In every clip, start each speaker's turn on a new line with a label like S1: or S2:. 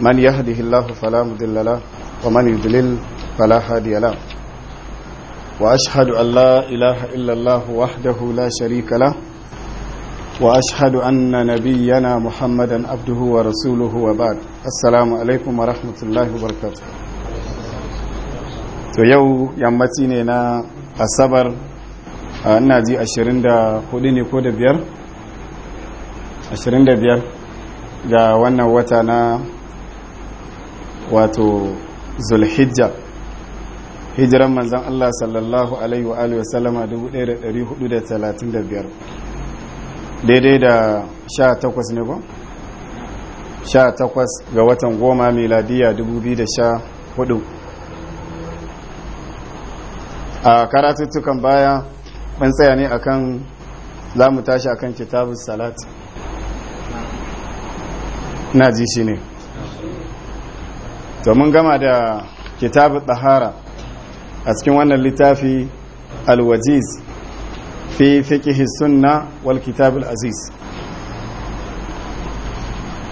S1: من يهده الله فلا مضل له ومن يضلل فلا هادي له وأشهد أن لا إله إلا الله وحده لا شريك له وأشهد أن نبينا محمدا عبده ورسوله وبعد السلام عليكم ورحمة الله وبركاته to yau yammaci ne na asabar ina ji 24 ne ko da biyar 25 ga wannan wata na wato zulhijja hijiran manzan Allah sallallahu alaihi wa alihi 1435 daidai da 18 ne ba 18 ga watan goma miladiya 2014 a karatuttukan baya ban tsaya ne akan za mu tashi akan kitabun salat na ji shi ne to mun gama da kitabu tsahara a cikin wannan littafi alwajiz fi fiƙi sunna wal kitabul aziz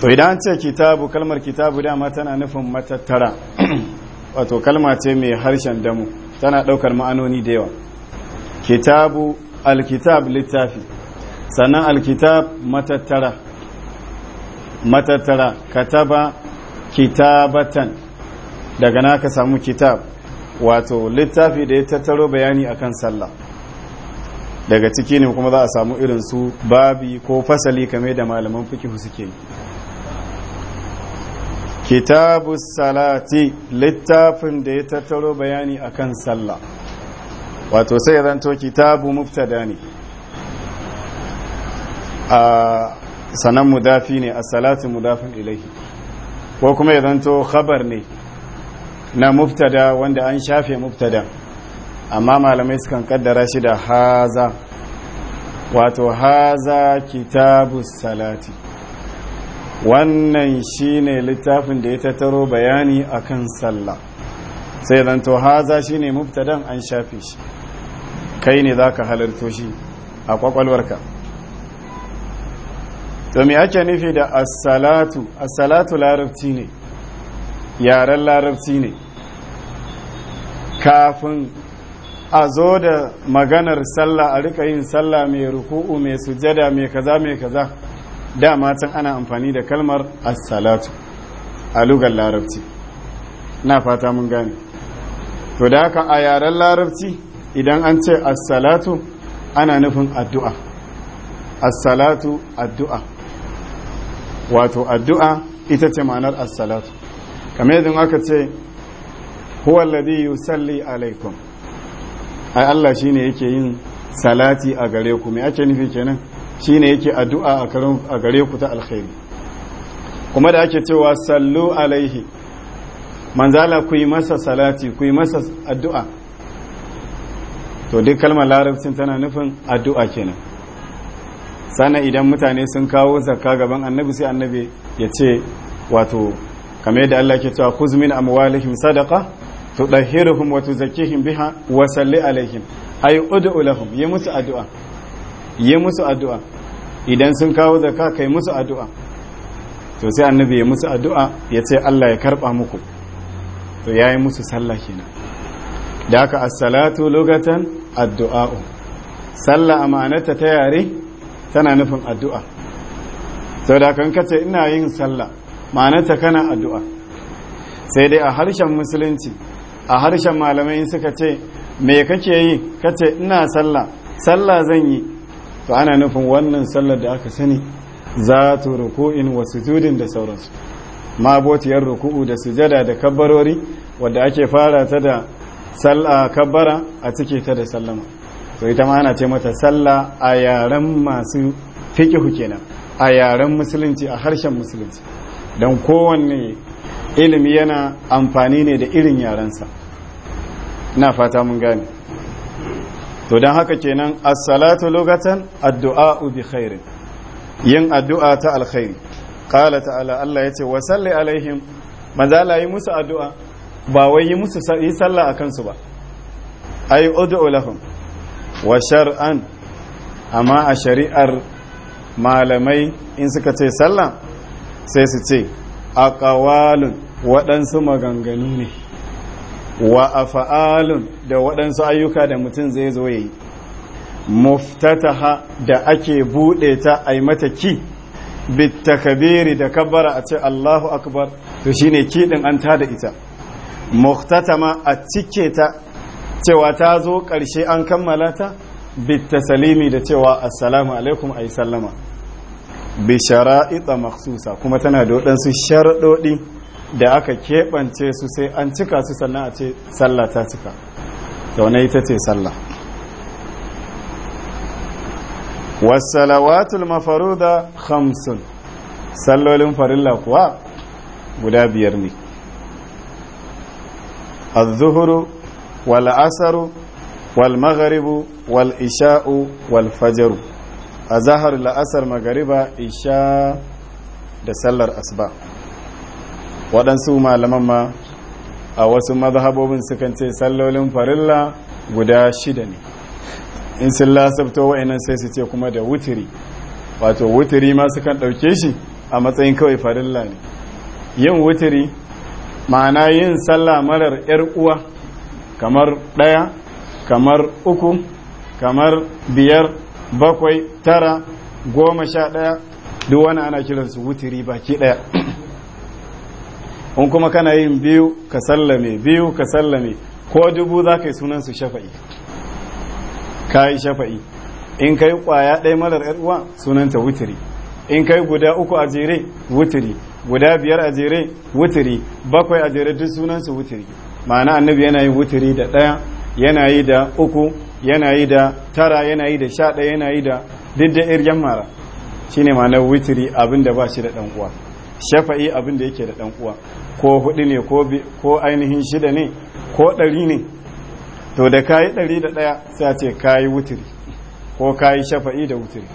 S1: to idan ce kitabu kalmar kitabu dama tana nufin matattara wato kalma ce mai harshen damu tana ɗaukar ma'anoni da yawa kitabu alkitab littafi sannan alkitab matattara matattara kataba kitabatan daga na ka samu kitab wato littafi da ya tattaro bayani akan sallah daga ciki ne kuma za a samu irin su babi ko fasali kame da malaman fikihu suke kitabu salati littafin da ya tattaro bayani akan sallah wato sai zanto kitabu muftada ne a sanan mudafi ne a salatin mudafin ilahi ko kuma ya zanto khabar ne na muftada wanda an shafe mubtada amma malamai sukan kaddara shi da haza wato haza kitabu salati wannan shine littafin da ya tattaro bayani akan sallah sai zanto haza shine muftadan an shafe shi kai ne zaka halarto shi a kwakwalwarka to me ake nufi da as-salatu as-salatu larabci ne yaren larabci ne kafin a zo da maganar sallah a rika yin sallah mai ruku'u mai sujada mai kaza mai kaza dama can ana amfani da kalmar assalatu a lugar larabci na fata mun gane to da haka a yaren larabci idan an ce assalatu ana nufin addu'a assalatu addu'a wato addu'a ita ce ma'anar assalatu kamar yadda aka ce huwa alladhi yusalli alaikum ai Allah shine yake yin salati a gare ku me ake nufi kenan shine yake addu'a a karin a gare ku ta alkhairi kuma da ake cewa sallu alaihi manzala ku yi masa salati ku yi masa addu'a to duk kalmar larabcin tana nufin addu'a kenan sana idan mutane sun kawo zakka gaban annabi sai annabi ya ce wato kamar yadda Allah ke cewa khuz min amwalihim sadaqa tudahhiruhum wa tuzakkihim biha wa salli alaihim ay ud'u lahum yi musu addu'a yi musu addu'a idan sun kawo zakka kai musu addu'a to sai annabi ya musu addu'a ya ce Allah ya karba muku to yayi musu sallah kenan da haka as-salatu lugatan addu'a sallah amanata ta yare tana nufin addu'a sau da kan kace ina yin sallah ma'anarta kana addu'a sai dai a harshen musulunci a harshen malamai in suka ce me kake yi kace ina sallah sallah zan yi to ana nufin wannan sallar da aka sani za tu ruku'in wa sujudin da sauransu mabotiyar ruku'u da sujada da kabbarori wadda ake fara ta da sallah kabbara a cike ta da sallama to ita ma ana ce mata sallah a yaren masu fiqhu kenan a yaren musulunci a harshen musulunci dan kowanne ilimi yana amfani ne da irin yarensa na fata mun gane to don haka kenan as-salatu lugatan addu'a bi khairin yin addu'a ta alkhairi qala ta'ala Allah yace wa salli alaihim maza la yi musu addu'a ba wai yi musu yi sallah akan su ba ay ud'u lahum wa shar'an amma a shari'ar malamai in suka ce sallah sai su ce aqawalun waɗansu maganganu ne wa a fa'alun da waɗansu ayyuka da mutum zai zo ya yi muftataha da ake buɗe ta a yi mata ki kabiri da kabbara a ce Allahu akbar to shi ne kiɗin an tada ita ma a cike ta cewa ta zo ƙarshe an kammala ta salimi da cewa assalamu alaikum yi sallama Bishara ita maksusa kuma tana da waɗansu sharaɗoɗi da aka keɓance su sai an cika su sannan a ce sallah ta cika da wani ita ce sallah wasalawatul mafaru da hamsin sallolin farilla kuwa guda biyar ne azuhuru wal asaru wal magharibu wal isha'u wal fajaru a zahar la'asar magariba isha da sallar asuba. waɗansu malaman ma a wasu mazhabobin sukan ce sallolin farilla guda shida ne in sun lasabto wa'annan sai su ce kuma da wuturi wato wuturi ma sukan ɗauke shi a matsayin kawai farilla ne yin wuturi ma'ana yin sallah marar 'yar uwa kamar ɗaya kamar uku kamar biyar bakwai tara goma sha ɗaya duk wani ana kiransu wuturi baki ɗaya in kuma kana yin biyu ka sallame biyu ka sallame ko dubu za ka yi sunan su shafa'i ka yi shafa'i in ka yi kwaya ɗaya marar yar'uwa sunanta wutiri in kai guda uku a jere wutiri guda biyar a jere wutiri bakwai a jere duk sunansu wutiri ma'ana annabi yana yi wutiri da ɗaya yana yi da uku yana yi da tara yana yi da sha ɗaya yana yi da duk da irgen mara shine ma'anar wutiri abin da ba shi da ɗan uwa shafa'i abin da yake da ɗan uwa ko hudu ne ko ainihin shida ne ko ɗari ne to da kayi ɗari da ɗaya sai ce kayi wutiri ko kayi shafa'i da wuturi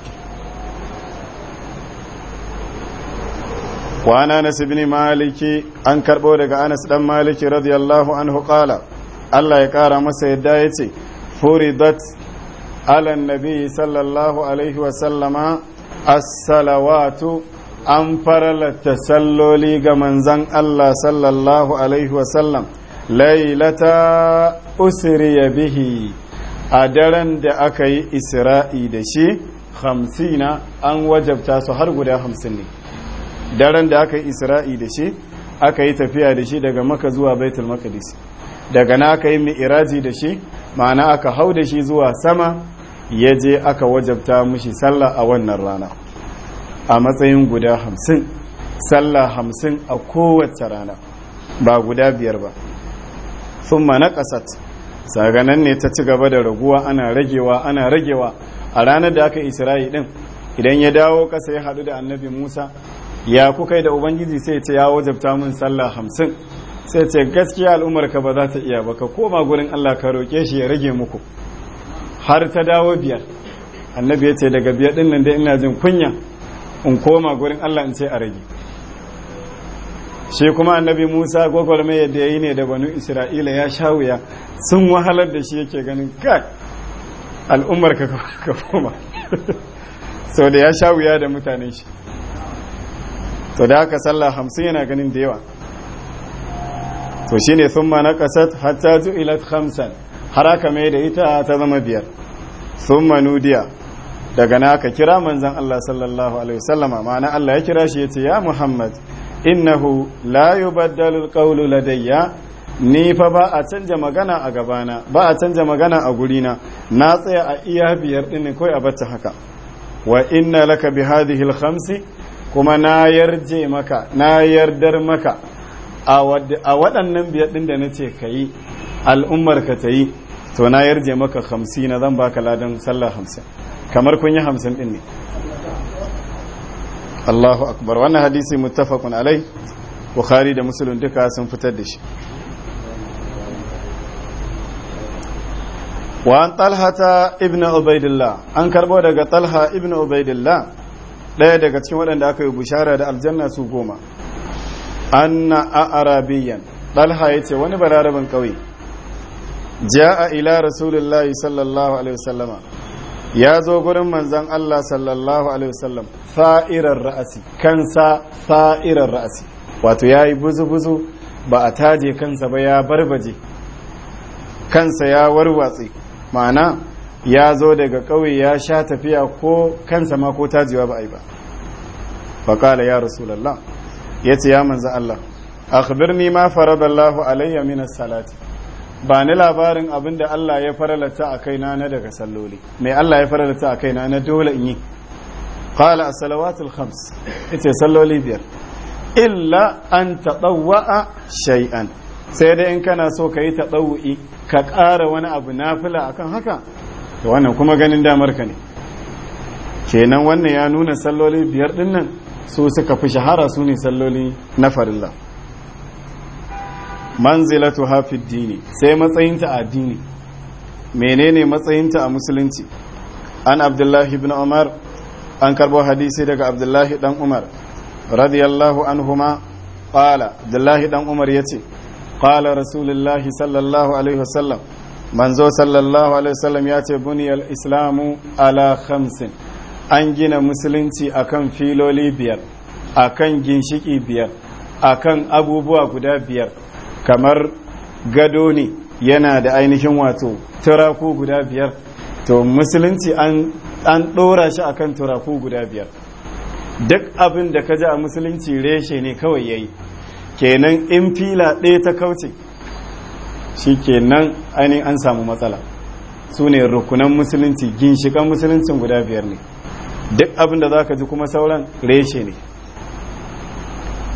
S1: kwana na ibn maliki an karɓo daga anas ɗan maliki radiyallahu an qala Allah ya kara masa yadda yace furidat ala nabi sallallahu alaihi wa as-salawatu an faralata salloli ga manzan Allah sallallahu alaihi wasallam lailata usriya bihi a daren da aka yi isra'i da shi hamsina an wajabta su har guda hamsin ne daren da aka yi isra'i da shi aka yi tafiya da shi daga maka zuwa baitul makadis daga na aka yi mi'iraji da shi ma'ana aka hau da shi zuwa sama ya je aka wajabta mushi sallah a wannan rana a matsayin guda hamsin sallah hamsin a kowace rana ba guda biyar ba sun ma na ƙasat saganan ne ta ci gaba da raguwa ana ragewa ana ragewa a ranar da aka isra'i din idan ya dawo ƙasa ya haɗu da annabi musa ya kai da ubangiji sai ce ya wajabta min sallah hamsin sai ce gaskiya al'ummar ka ba za ta iya ba ka koma gurin allah ka roƙe shi ya rage muku har ta dawo biyar annabi ya ce daga biyar ɗin nan dai ina jin kunya in koma gurin Allah in ce a rage shi kuma annabi Musa mai yadda ya yi ne da banu Isra'ila ya sha wuya sun wahalar da shi yake ganin kai al'ummar ka koma sau da ya sha wuya da mutane shi to da haka sallah hamsin yana ganin da yawa to shine mana kasar hatta ju'ilat Hamsan har aka mai da ita ta zama biyar ma nudiya daga na ka kira manzon Allah sallallahu alaihi wasallama ma'ana Allah ya kira shi yace ya Muhammad innahu la yubaddalu alqawlu ladayya ni fa ba a canja magana a gabana ba a canja magana a gurina na tsaya a iya biyar din ne kai a bata haka wa inna laka bi hadhihi khamsi kuma na yarje maka na yardar maka a waɗannan biyar din da nace kayi al'ummar ka ta yi to na yarje maka hamsi na zan baka ladan sallah hamsin kamar kun yi hamsin ɗin ne Allahu akbar wannan hadisi muttafaqun alai Bukhari da Muslim duka sun fitar da shi wa an ta ibn ubaidillah an karbo daga talha ibn ubaidillah ɗaya daga cikin waɗanda aka yi bushara da aljanna su goma anna a arabiyan ɗalha yace ce wani bararabin ƙauye ja'a ila rasulullahi sallallahu alaihi wasallama ya zo gurin manzan Allah sallallahu alaihi wasallam fa'irar ra'asi kansa fa'irar ra'asi wato ya yi buzu-buzu ba a taje kansa ba ya barbaje kansa ya warwatse ma'ana ya zo daga ƙauye ya sha tafiya ko kansa ma ko tajewa ba a yi ba faƙala ya rasulallah ya ce ya manzan Allah akhbirni ma faradallahu alayya minas salati ba ni labarin abin da Allah ya faralata a kaina na daga salloli mai Allah ya faralata a kaina na dole in yi qala a salawatul khams ita salloli biyar illa an tadawwa shai'an, sai dai in kana so ka yi tadawwi ka ƙara wani abu nafila akan haka to wannan kuma ganin damar ka ne kenan wannan ya nuna salloli biyar dinnan su suka fi shahara su ne salloli na farilla manzilatu hafid dini sai matsayinta a dini. menene matsayinta a musulunci an abdullahi ibn umar an karbo hadisi daga abdullahi dan umar radiyallahu anhuma qala abdullahi dan umar yace qala rasulullahi sallallahu alaihi wasallam manzo sallallahu alaihi wasallam ya ce buniyal islamu ala khamsin an gina musulunci akan filoli biyar akan ginshiki biyar akan abubuwa guda biyar kamar gado ne yana da ainihin wato turaku guda biyar to musulunci an ɗora shi akan turaku guda biyar duk abin da ka ji a musulunci reshe ne kawai yayi kenan in fila ɗaya ta kauce shi kenan ainihin an samu matsala su ne rukunan musulunci ginshikan musuluncin guda biyar ne duk abin da za ka ji kuma sauran reshe ne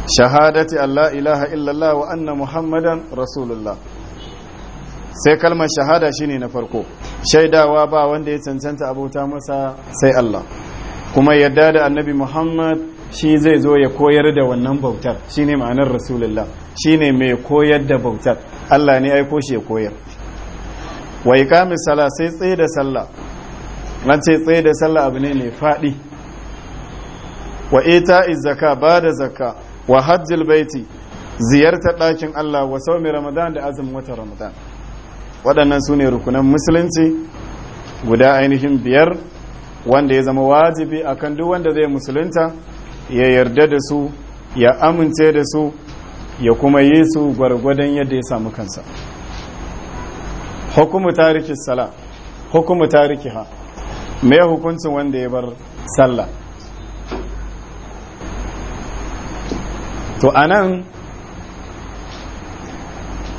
S1: shahadati Allah ilaha illallah wa anna muhammadan rasulullah sai kalmar shahada shine na farko shaidawa ba wanda ya cancanta abota masa sai Allah kuma yadda da annabi muhammad shi zai zo ya koyar da wannan bautar shine ma'anar rasulullah shine mai koyar da bautar Allah ne aiko shi ya koyar wa iqamis sala sai tsaye da sallah nan ce tsaye da sallah abu ne mai fadi. wa ita zaka ba da zaka wa hajjil baiti ziyartar ɗakin Allah wa saumi ramadan da azumin watan ramadan waɗannan su ne rukunan musulunci guda ainihin biyar wanda ya zama wajibi akan duk wanda zai musulunta ya yarda da su ya amince da su ya kuma yi su gwargwadon yadda ya samu kansa hukumu tariki sala hukumu tariki ha me hukuncin wanda ya bar sallah to anan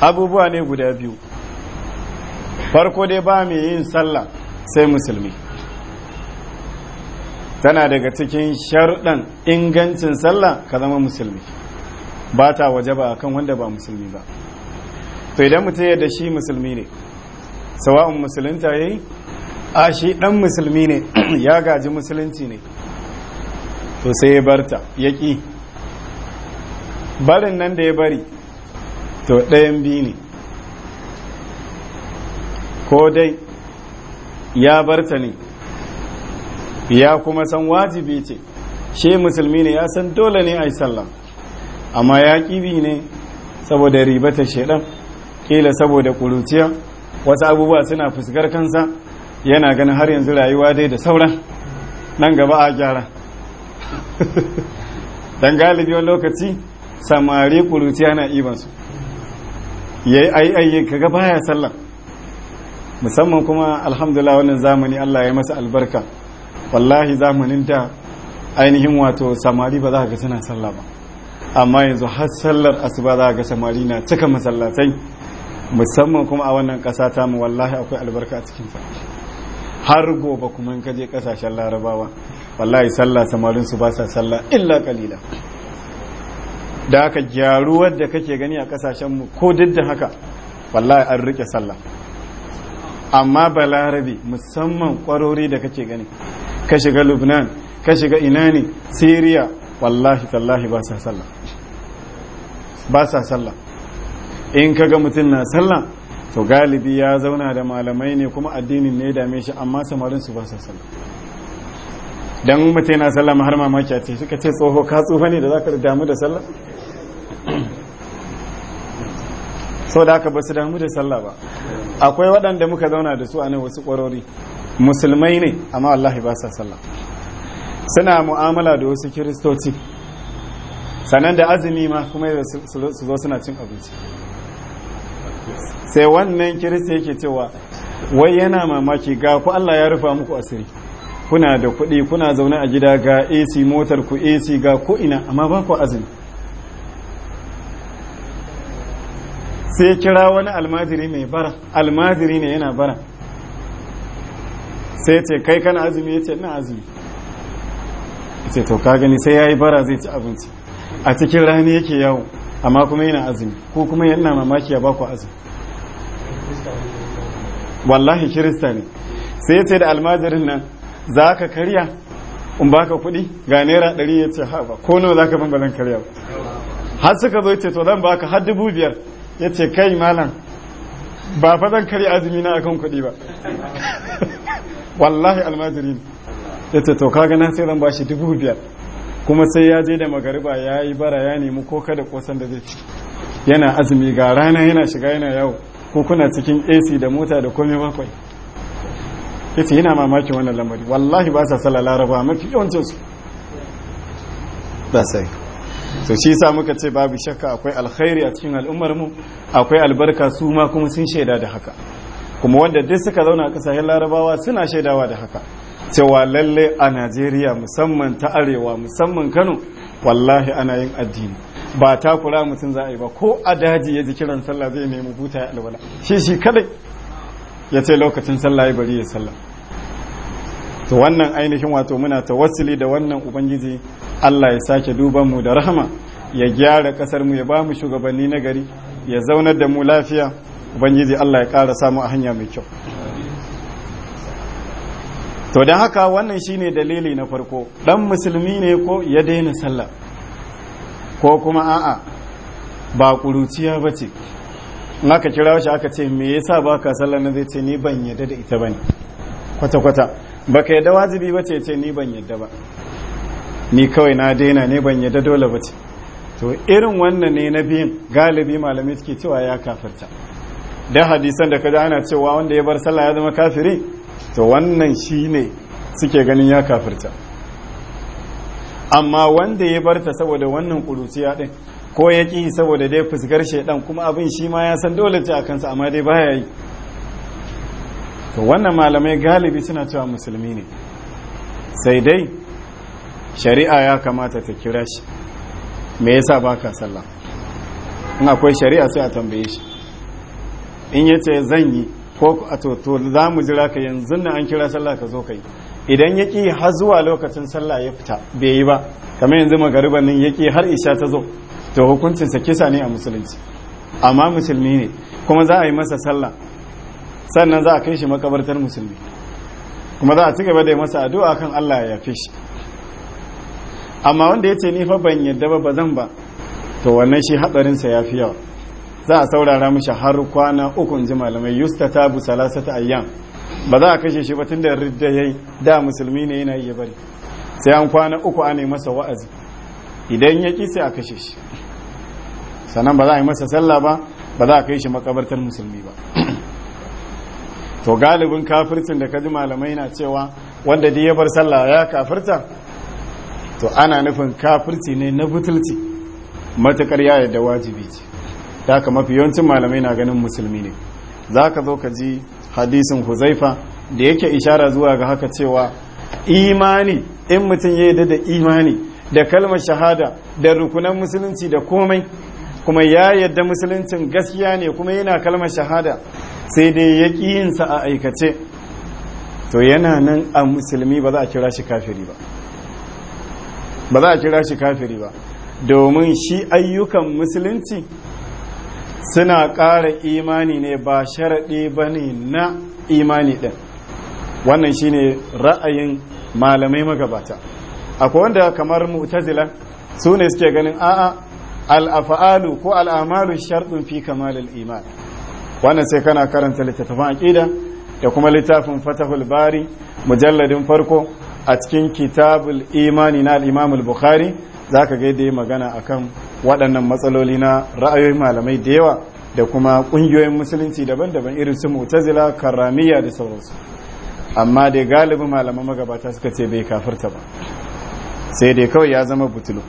S1: abubuwa ne guda biyu farko dai ba mai yin sallah sai musulmi tana daga cikin sharɗan ingancin sallah ka zama musulmi ba ta waje ba kan wanda ba musulmi ba to idan mutum yadda shi musulmi ne sawa'un musulunta ya yi a shi ɗan musulmi ne ya gaji musulunci ne to sai ya barta ya ƙi barin nan da ya bari to ɗayan biyu ne ko dai ya barta ne ya kuma san wajibi ce shi musulmi ne ya san dole ne a yi sallah amma ya ƙibi ne saboda ribata shaidan ƙila saboda ƙuruciya wasu abubuwa suna fuskar kansa yana ganin har yanzu rayuwa dai da sauran nan gaba a gyara don galibi wani lokaci samari kuruciya na ibansu ya yi ayyayye kaga baya sallah musamman kuma alhamdulillah wannan zamani Allah ya masa albarka wallahi zamanin da ainihin wato samari ba za ka suna sallah ba amma yanzu har sallar asuba za ga samari na cika masallatai musamman kuma a wannan kasa ta mu wallahi akwai albarka a cikin sa har gobe kuma in ka je kasashen larabawa wallahi sallah samarin su ba sa sallah illa kalila da aka gyaru wadda kake gani a kasashenmu ko duk da haka wallahi an rike sallah amma balarabe musamman kwarori da kake gani ka shiga lubnan ka shiga ina ne syria wallahi tallahi ba sa sallah ba sa sallah in kaga mutum na sallah to galibi ya zauna da malamai ne kuma addinin ne ya dame shi amma samarin ba sa sallah dan mutum yana sallah har mamaki a ce suka ce tsoho ka tsufa ne da za ka damu da sallah so da aka ba su damu da sallah ba akwai waɗanda muka zauna da su a nan wasu ƙwarori musulmai ne amma Allah ba sa sallah suna mu'amala da wasu kiristoci sannan da azumi ma kuma su zo suna cin abinci sai wannan kiristi yake cewa wai yana mamaki ga ku Allah ya rufa muku asiri kuna da kuɗi kuna zaune a gida ga ac motar ku ac ga ko ina amma ba ku azumi sai kira wani almajiri mai bara almajiri ne yana bara sai ce kai kana azumi ya ce na azumi sai to ka gani sai ya yi bara zai ci abinci a cikin rani yake yawo amma kuma yana azumi ko kuma yana mamaki ya baku azumi wallahi kirista ne sai ce da almajirin nan za ka karya in baka kuɗi ga naira ɗari ya ce haɓa ko nawa za ka bambalan karya har suka zo ce to zan baka har dubu biyar ya ce kai malam ba fa zan karya azumi na akan kuɗi ba wallahi almajiri ya ce to kaga na sai zan bashi dubu biyar kuma sai ya je da magariba ya yi bara ya nemi ko kada kosan da zai ci yana azumi ga rana yana shiga yana yawo ko kuna cikin ac da mota da komai bakwai yace yana mamakin wannan lamari wallahi ba sa tsala laraba mafi yawancin su ba sai so shi sa muka ce babu shakka akwai alkhairi a cikin al'ummar mu akwai albarka su ma kuma sun shaida da haka kuma wanda duk suka zauna a kasashen larabawa suna shaidawa da haka cewa lalle a Najeriya musamman ta arewa musamman Kano wallahi ana yin addini ba takura mutum za a yi ba ko a daji ya ji kiran sallah zai nemi buta ya alwala shi shi kadai ya ce lokacin sallah ya bari ya sallah to wannan ainihin wato muna tawassuli da wannan ubangiji Allah ya sake duban mu da rahama ya gyara kasar mu ya ba mu shugabanni na gari ya zaunar da mu lafiya ubangiji Allah ya ƙara samu a hanya mai kyau to don haka wannan shine dalili na farko dan musulmi ne ko ya daina sallah ko kuma a'a ba kuruciya ba ce in aka kira shi aka ce me yasa baka sallah na zai ce ni ban yadda da ita bane kwata-kwata baka yadda wajibi ba ce ce ni ban yadda ba ni kawai na daina ne ban yadda dole ba ce to irin wannan ne na biyun galibi malamai suke cewa ya kafirta da hadisan da kada ana cewa wanda ya bar sallah ya zama kafiri to wannan shi ne suke ganin ya kafirta amma wanda ya barta saboda wannan kuruciya din ko ya ƙi saboda dai fuskar shaidan kuma abin shi ma ya san dole ce a kansa amma dai baya yi to wannan malamai galibi suna cewa musulmi ne sai dai shari'a ya kamata ta kira shi me yasa baka sallah in akwai shari'a sai a tambaye shi in yace zan yi ko a to za mu jira ka yanzu na an kira sallah ka zo ka idan ya har zuwa lokacin sallah ya fita bai yi ba kamar yanzu magariban nan ya har isha ta zo to hukuncinsa kisa ne a musulunci amma musulmi ne kuma za a yi masa sallah sannan za a kai shi makabartar musulmi kuma za a ci gaba da masa addu'a kan Allah ya yafe shi amma wanda ya ce ni fa ban yadda ba bazan ba to wannan shi hadarin ya fi yawa za a saurara mishi har kwana uku ji malamai yusta ta bu salasata ayyam ba za a kashe shi ba tunda da ridda yayi da musulmi ne yana iya bari sai an kwana uku ana masa wa'azi idan ya ki sai a kashe shi sannan ba za a yi masa sallah ba ba za a kai shi makabartar musulmi ba to galibin kafircin da kaji malamai na cewa wanda ya bar sallah ya kafirta to ana nufin kafirci ne na butulci matakar ya yadda wajibi ce ta ka mafi yawancin malamai na ganin musulmi ne za ka zo ka ji hadisin huzaifa da yake ishara zuwa ga haka cewa imani in mutum ya yadda da imani da kalmar shahada da rukunan musulunci da komai kuma ya yadda musuluncin gaskiya ne kuma yana kalmar shahada sai dai ya ƙi yinsa a aikace to yana nan a musulmi ba za a kira shi kafiri ba ba za a kira shi kafiri ba domin shi ayyukan musulunci suna ƙara imani ne ba sharaɗi ba ne na imani ɗin wannan shine ra'ayin malamai magabata akwai wanda kamar mu'tazila su ne suke ganin a'a al'afa'alu ko al'amalu sharɗin fi kamalil iman wannan sai kana karanta littattafan aqida da kuma littafin fatahul bari mujalladin farko a cikin kitabul imani na al-imam al-bukhari zaka ga yadda magana akan waɗannan matsaloli na ra'ayoyin malamai da yawa da kuma ƙungiyoyin musulunci daban-daban irin su mu'tazila karramiya da sauransu amma dai galibin malaman magabata suka ce bai kafirta ba sai dai kawai ya zama butulu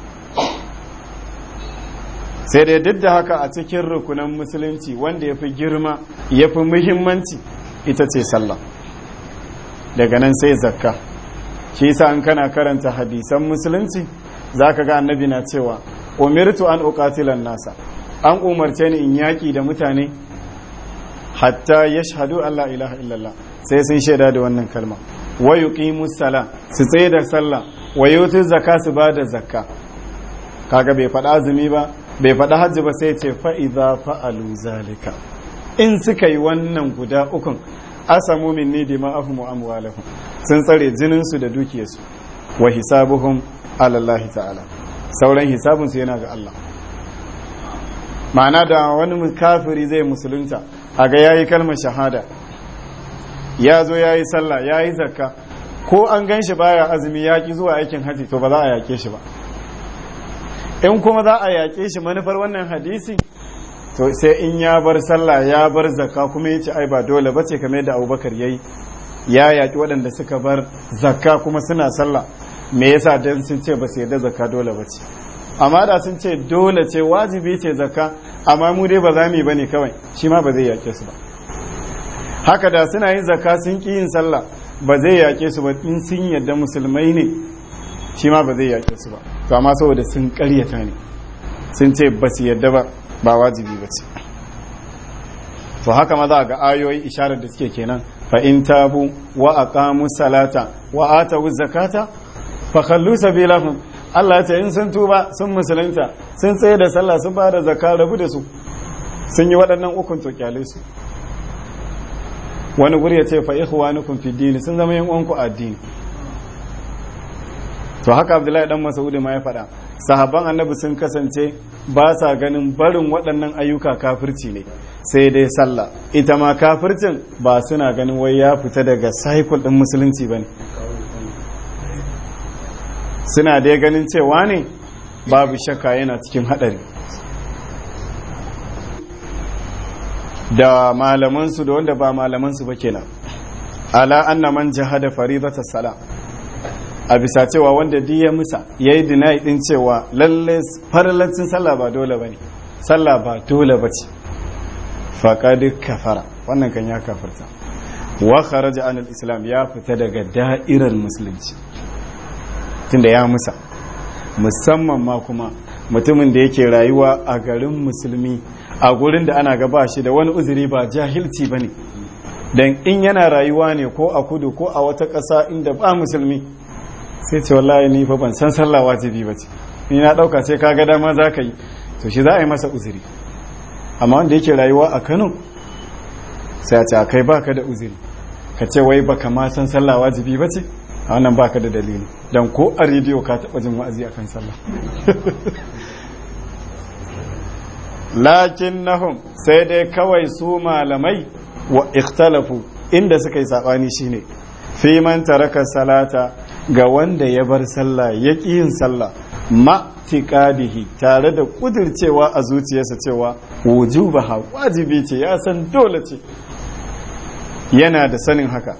S1: sai dai duk da haka a cikin rukunan musulunci wanda ya fi girma ya fi muhimmanci ita ce sallah daga nan sai zakka shi sa an kana karanta hadisan musulunci za ka ga annabi na cewa umirtu an uqatilan nasa an umarce ni in yaƙi da mutane hatta ya shahadu Allah ilaha illallah sai sun shaida da wannan kalma wa yuqimu sala su tsaye da sallah wa yutu zakka su ba da zakka kaga bai faɗa azumi ba bai faɗi hajji ba sai ce fa'iza fa'alu zalika in suka yi wannan guda ukun asamu min ne da ma'ahu mu'amwalahum sun tsare jininsu da dukiyarsu wa hisabuhun alallahi ta'ala sauran hisabinsu yana ga Allah ma'ana da wani kafiri zai musulunta a ga yayi kalmar shahada ya zo ya yi sallah ya yi zakka ko an gan shi baya azumi ya ki zuwa aikin hajji, to ba za a yake shi ba in kuma za a yaƙe shi manufar wannan hadisi to sai in ya bar sallah ya bar zaka kuma ya ce ai ba dole ba ce kamar yadda abubakar ya yi ya yaƙi waɗanda suka bar zaka kuma suna sallah me yasa don sun ce ba su yarda zakka dole ba ce amma da sun ce dole ce wajibi ce zaka amma mu dai ba za mu yi ba ne kawai shi ma ba zai yaƙe su ba haka da suna yin zaka sun ƙi yin sallah ba zai yaƙe su ba in sun yarda musulmai ne shi ma ba zai yaƙe su ba to amma saboda sun ƙaryata ne sun ce ba su yadda ba ba wajibi ba ce to haka ma za ga ayoyi isharar da suke kenan fa in tabu wa aqamu salata wa atawu zakata fa khallu sabilahum Allah ya ce in sun tuba sun musulunta sun tsaye da sallah sun bada zakka rabu da su sun yi waɗannan ukun to kyale su wani guri ya ce fa ikhwanukum fi dini sun zama yan uwanku addini to haka abdullahi dan masaudi ma ya faɗa sahabban annabi sun kasance ba sa ganin barin waɗannan ayyuka kafirci ne sai dai sallah ita ma kafircin ba suna ganin wai ya fita daga cycle din musulunci ba ne suna dai ganin cewa ne babu shakka yana cikin haɗari da malamansu da wanda ba malamansu ba kenan ala anna man jahada faridata salah a bisa cewa wanda duk ya musa ya yi dinayi din cewa lalle faralancin sallah ba dole ba ne sallah ba dole ba ce duk kafara wannan kan ya kafarta wa kharaja anil islam ya fita daga da'irar musulunci tunda ya musa musamman ma kuma mutumin da yake rayuwa a garin musulmi a gurin da ana gaba shi da wani uzuri ba jahilci ba ne don in yana rayuwa ne ko a kudu ko a wata ƙasa inda ba musulmi sai ce wallahi ni fa ban san sallah wajibi ba ce ni na dauka sai ka ga dama za ka yi to shi za a yi masa uzuri amma wanda yake rayuwa a Kano sai a ce ba baka da uzuri ka ce wai baka ma san sallah wajibi ba ce a wannan baka da dalili dan ko a rediyo ka taba jin wa'azi akan sallah Lakin lakinnahum sai dai kawai su malamai wa ikhtalafu inda suka yi sabani shine fi man taraka salata ga wanda ya bar sallah ya ƙi yin sallah ma ma'tiqadihi tare da ƙudircewa a zuciyarsa cewa ha wajibi ce ya san dole ce yana da sanin haka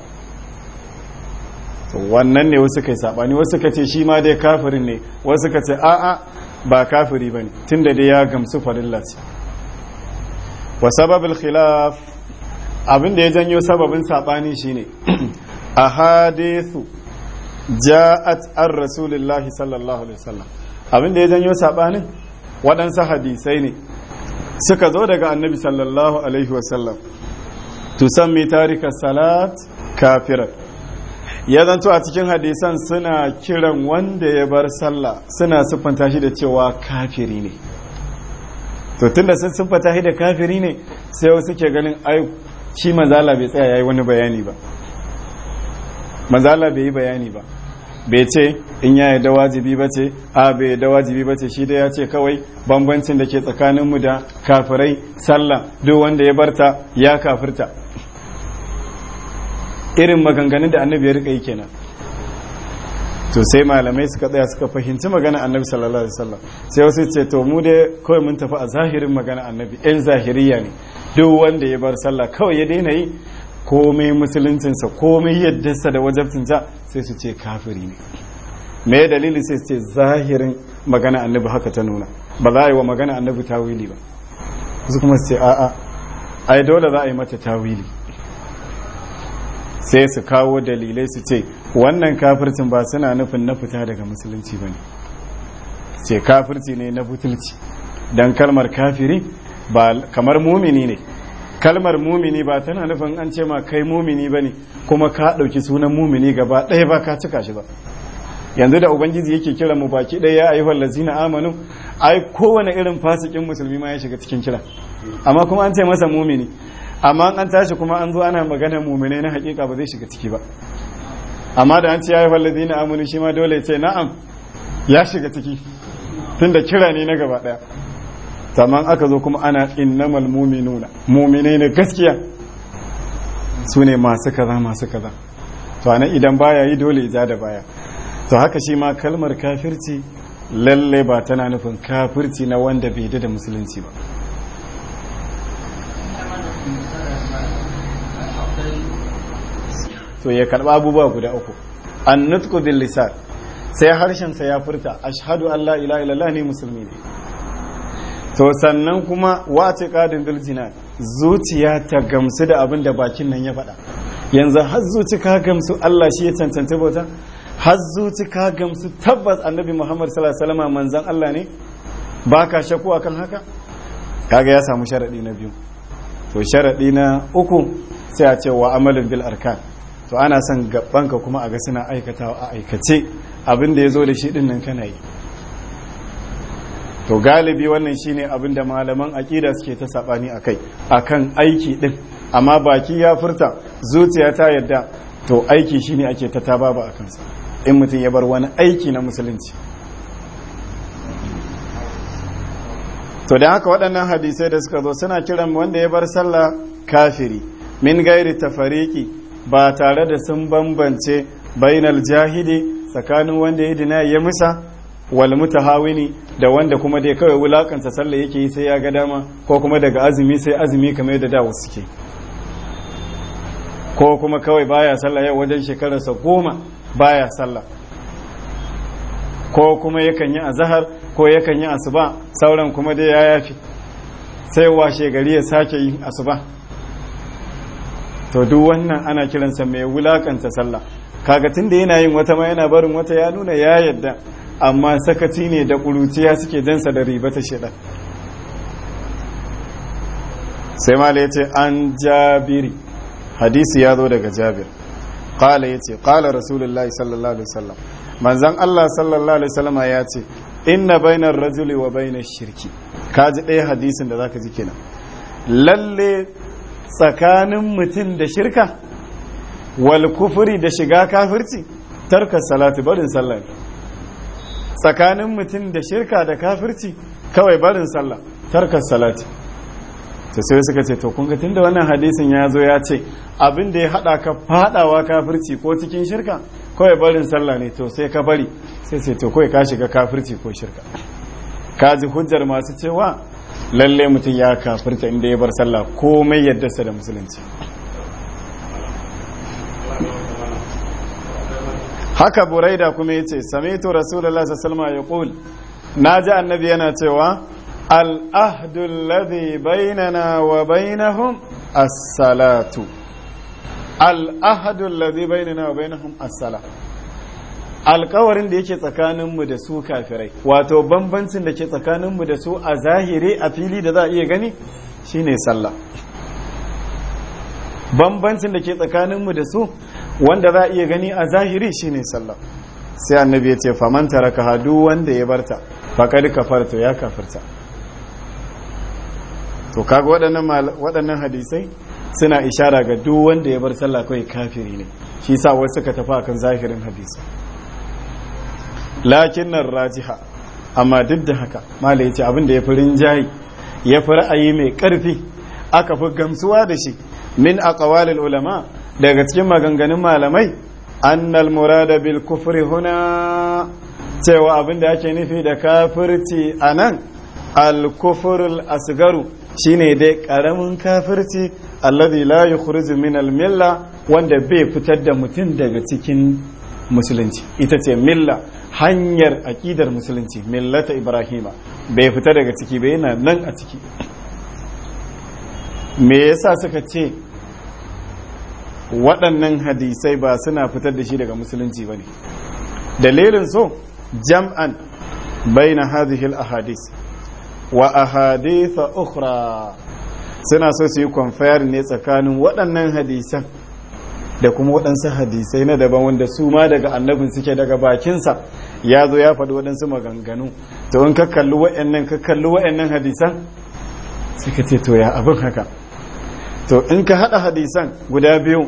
S1: wannan ne wasu kai saɓani, wasu ka ce shi ma dai kafirin ne wasu ka ce a'a ba kafiri ba ne. Tun da dai ya gamsu farilla ce wa sababin khilaf abin da ya janyo sababin saɓani shine hadithu ja'at an rasulillahi sallallahu alaihi wasallam abin da ya janyo sabanin waɗansu hadisai ne suka zo daga annabi sallallahu alaihi wasallam tusammi tarika salat kafiran ya zanto a cikin hadisan suna kiran wanda ya bar sallah suna siffanta shi da cewa kafiri ne to tunda sun siffanta shi da kafiri ne sai wasu ke ganin ai shi manzala bai tsaya yayi wani bayani ba manzala bai yi bayani ba bai ce in ya da wajibi ba ce a bai da wajibi ba ce shi da ya ce kawai bambancin da ke tsakaninmu da kafirai sallah duk wanda ya barta ya kafirta irin maganganun da annabi ya rika yi kenan to sai malamai suka tsaya suka fahimci magana annabi sallallahu alaihi wasallam sai wasu ce to mu dai kawai mun tafi a zahirin magana annabi ɗan zahiriya ne duk wanda ya bar sallah kawai ya daina yi komai musuluncinsa komai yaddarsa da wajabcinsa sai su ce kafiri ne me dalili sai su ce zahirin magana annabi haka ta nuna ba za a yi wa magana annabi tawili ba su kuma su ce a'a ai dole za a yi mata tawili sai su kawo dalilai su ce wannan kafircin ba suna nufin na fita daga musulunci ba ne ce kafirci ne na butulci don kalmar kafiri ba kamar mumini ne kalmar mumini ba tana nufin an ce ma kai mumini ba ne kuma ka ɗauki sunan mumini gaba ɗaya ba ka cika shi ba yanzu da ubangiji yake kira mu baki ɗaya ya ayyuhal na amanu ai kowane irin fasikin musulmi ma ya shiga cikin kira amma kuma an ce masa mumini amma an tashi kuma an zo ana magana muminai na hakika ba zai shiga ciki ba amma da an ce ya ayyuhal lazina amanu shi ma dole ya ce na'am ya shiga ciki tunda kira ne na gaba ɗaya saman aka zo kuma ana innamal muminuna muminai ne gaskiya su ne masu kaza masu kaza to anan idan baya yi dole ya da baya to haka shi ma kalmar kafirci lalle ba tana nufin kafirci na wanda bai da musulunci ba to ya karba abubuwa guda uku an nutku bil lisan sai harshensa ya furta ashhadu an la ilaha illallah ni musulmi ne to sannan kuma wace kadin biljinan zuciya ta gamsu da abin da bakin nan ya faɗa yanzu har zuci ka gamsu Allah shi ya cancanta bauta har zuci ka gamsu tabbas annabi Muhammad sallallahu alaihi wasallam manzon Allah ne baka shakku akan haka kaga ya samu sharadi na biyu to sharadi na uku sai a ce wa amalin bil arkan to ana son gabanka kuma a ga suna aikatawa a aikace abin da ya zo da shi din nan kana yi to galibi wannan shine abin da malaman aƙida suke ta saɓani a kai a kan aiki ɗin amma baki ya furta zuciya ta yadda to aiki shine ake ta taba ba a kansa in mutum ya bar wani aiki na musulunci to da haka waɗannan hadisai da suka zo suna kiran wanda ya bar sallah kafiri min gairi tafariki ba tare da sun bambance bainal jahidi tsakanin wanda ya dina ya musa wal mutahawini da wanda kuma dai kawai wulakansa sallah yake yi sai ya ga dama ko kuma daga azumi sai azumi kamar yadda da wasu ke ko kuma kawai baya sallah yau wajen shekararsa goma baya sallah ko kuma yakan yi azahar ko yakan yi asuba sauran kuma dai ya yafi sai washe gari ya sake yi asuba to duk wannan ana kiransa mai wulakanta sallah kaga tunda yana yin wata ma yana barin wata ya nuna ya yadda amma sakati ne da ƙuruciya suke jansa da riba ta shida sai ma ce an jabiri hadisi ya zo daga jabir ƙala ya ce ƙala rasulullahi sallallahu alaihi wasallam manzan allah sallallahu alaihi wasallama ya ce inna bainar rajuli wa bainar shirki ka ji ɗaya hadisin da zaka ji kenan lalle tsakanin mutum da shirka wal kufuri da shiga kafirci tarkar salati barin sallah tsakanin mutum da shirka da kafirci kawai barin sallah tarkar salati to sai suka ce to kun ga tunda wannan hadisin ya zo ya ce abin da ya hada ka fadawa kafirci ko cikin shirka kawai barin sallah ne to sai ka bari sai sai to kawai ka shiga kafirci ko shirka ka ji hujjar masu cewa lalle mutum ya kafirta inda ya bar sallah komai yadda sa da musulunci haka buraida kuma ya ce samitu rasulullah sallallahu ya ƙul na ji annabi yana cewa al'ahdul ladhi bainana wa bainahum as-salatu al'ahdul ladhi bainana wa bainahum as-sala alkawarin da yake tsakaninmu da su kafirai wato bambancin da ke tsakaninmu da su a zahiri a fili da za a iya gani shine sallah bambancin da ke tsakaninmu da su wanda za a iya gani a zahiri shine sallah sai annabi ya ce faman taraka hadu wanda ya barta faqad kafarta ya kafarta to kaga waɗannan hadisai suna ishara ga duk wanda ya bar sallah kai kafiri ne shi sa wasu suka tafi akan zahirin hadisi lakin nan rajiha amma duk da haka mala yace abin da ya fi rinjaye ya fi ra'ayi mai karfi aka fi gamsuwa da shi min aqwalil ulama daga cikin maganganun malamai annal murada bil kufri huna cewa abin da ake nufi da kafirci a nan al asgaru shine dai karamin kafirci alladhi la yukhruju min al-milla wanda bai fitar da mutum daga cikin musulunci ita ce milla hanyar akidar musulunci millata ibrahima bai fita daga ciki bai yana nan a ciki me yasa suka ce waɗannan hadisai ba suna fitar da shi daga musulunci ba ne dalilin so jam'an bai baina a ahadis wa ahaditha ukhra suna so su yi kwamfayar ne tsakanin waɗannan hadisan da kuma waɗansu hadisai na daban wanda su ma daga annabin suke daga bakinsa ya zo ya faɗi waɗansu maganganu to in ka kalli nan ka kalli nan hadisan suka ce to ya abin haka to in ka hada hadisan guda biyu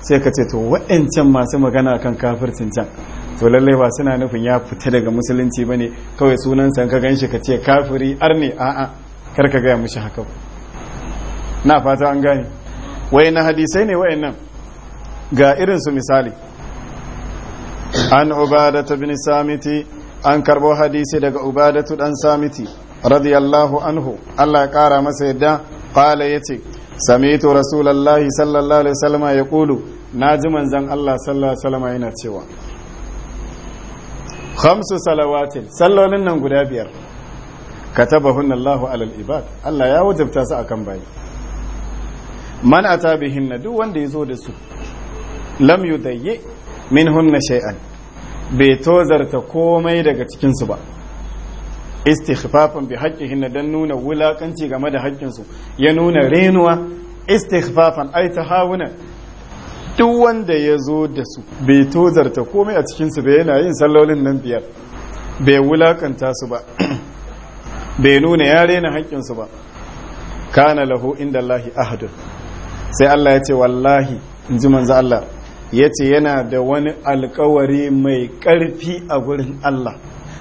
S1: sai ka ce to wa'ancan masu magana kan kafircin can to lallai ba suna nufin ya fita daga musulunci ba ne kawai sunansa ka ganshi ka ce kafiri a'a kar ka gaya mushi haka na fata an gane na hadisai ne wayannan ga irin su misali an ubadatu bin samiti an karbo hadisi daga ubadatu dan samiti radiyallahu anhu Allah ya kara masa yadda qala yace samitu رسول الله صلى الله عليه وسلم يقول ناجما زن الله صلى الله عليه yana cewa khamsu salawatin sallolin nan guda biyar katabahun Allahu alal ibad Allah ya wajabta su akan bayi man ata bihinna duk wanda yazo da su lam yudayyi minhunna shay'an bai tozarta komai daga cikin su ba istighfafan bi na dan nuna wulakanci game da haƙƙinsu ya nuna renuwa istighfafan ai tahawuna duk wanda ya zo da su bai tozarta komai a cikinsu bai yana yin sallolin nan biyar bai wulakanta su ba bai nuna ya rena haƙƙinsu ba kana lahu inda Allahi ahadun sai Allah ya ce wallahi in ji manzo Allah ya ce yana da wani alkawari mai ƙarfi a gurin Allah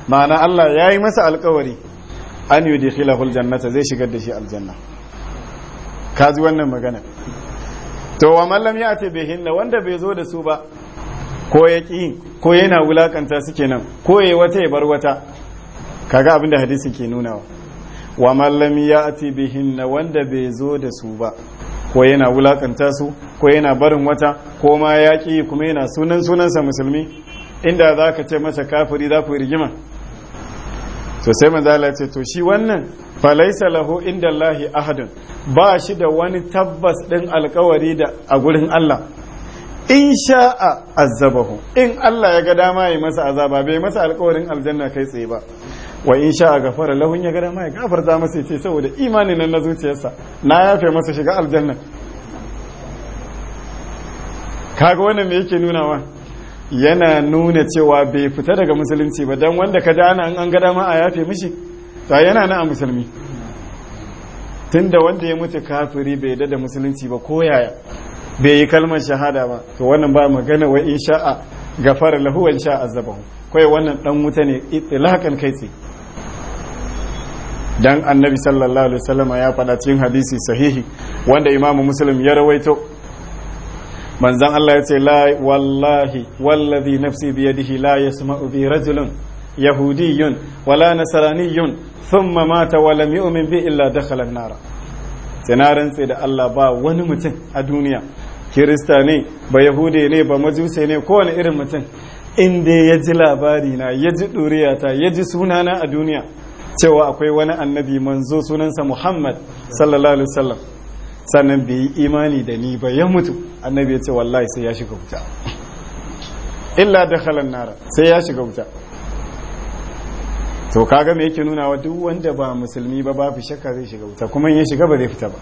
S1: ma'ana Allah ya yi masa alkawari an yi dikhilahul jannata zai shigar da shi aljanna ka ji wannan magana to wa mallam ya ce bai hinna wanda bai zo da su ba ko ya ƙi ko yana wulakanta su kenan ko ya wata ya bar wata kaga abinda hadisi ke nunawa wa mallam ya ati bihinna wanda bai zo da su ba ko yana wulakanta su ko yana barin wata ko ma ya ƙi kuma yana sunan sunansa musulmi inda za ka ce masa kafiri za ku rigima to sai manzala ce to shi wannan falaisa lahu inda Allahi ahadun ba shi da wani tabbas ɗin alkawari da a gurin Allah in sha'a azabahu in Allah ya ga dama ya masa azaba bai masa alkawarin aljanna kai tsaye ba wa in sha'a gafara lahu ya ga dama ya za masa ce saboda imanin nan na zuciyarsa na yafe masa shiga aljanna kaga wannan me yake nunawa yana nuna cewa bai fita daga musulunci ba don wanda ka dana an gada ma a yafe mishi ta yana na a musulmi tunda wanda ya mutu kafiri bai da musulunci ba ko yaya bai yi kalmar shahada ba to wannan ba magana wa in sha'a gafara lahu wa sha'a azabahu kai wannan dan wuta ne itlaqan kai tse. dan annabi sallallahu alaihi wasallam ya faɗa cikin hadisi sahihi wanda imamu muslim ya rawaito manzan Allah ya ce la wallahi wallazi nafsi biyadihi la yasma'u bi rajulun yahudiyyun wala nasraniyyun thumma mata wa lam yu'min bi illa dakhala an-nar sinarin sai da Allah ba wani mutum a duniya kirista ne ba yahude ne ba majuse ne kowane irin mutum in dai ya ji labari na ya ji ɗuriyata ya ji sunana a duniya cewa akwai wani annabi manzo sunansa Muhammad sallallahu alaihi wasallam sannan bai yi imani da ni ba ya mutu annabi ya ce wallahi sai ya shiga wuta illa da halan nara sai ya shiga wuta to kaga me yake nuna wa duk wanda ba musulmi ba babu shakka zai shiga wuta kuma ya shiga ba zai fita ba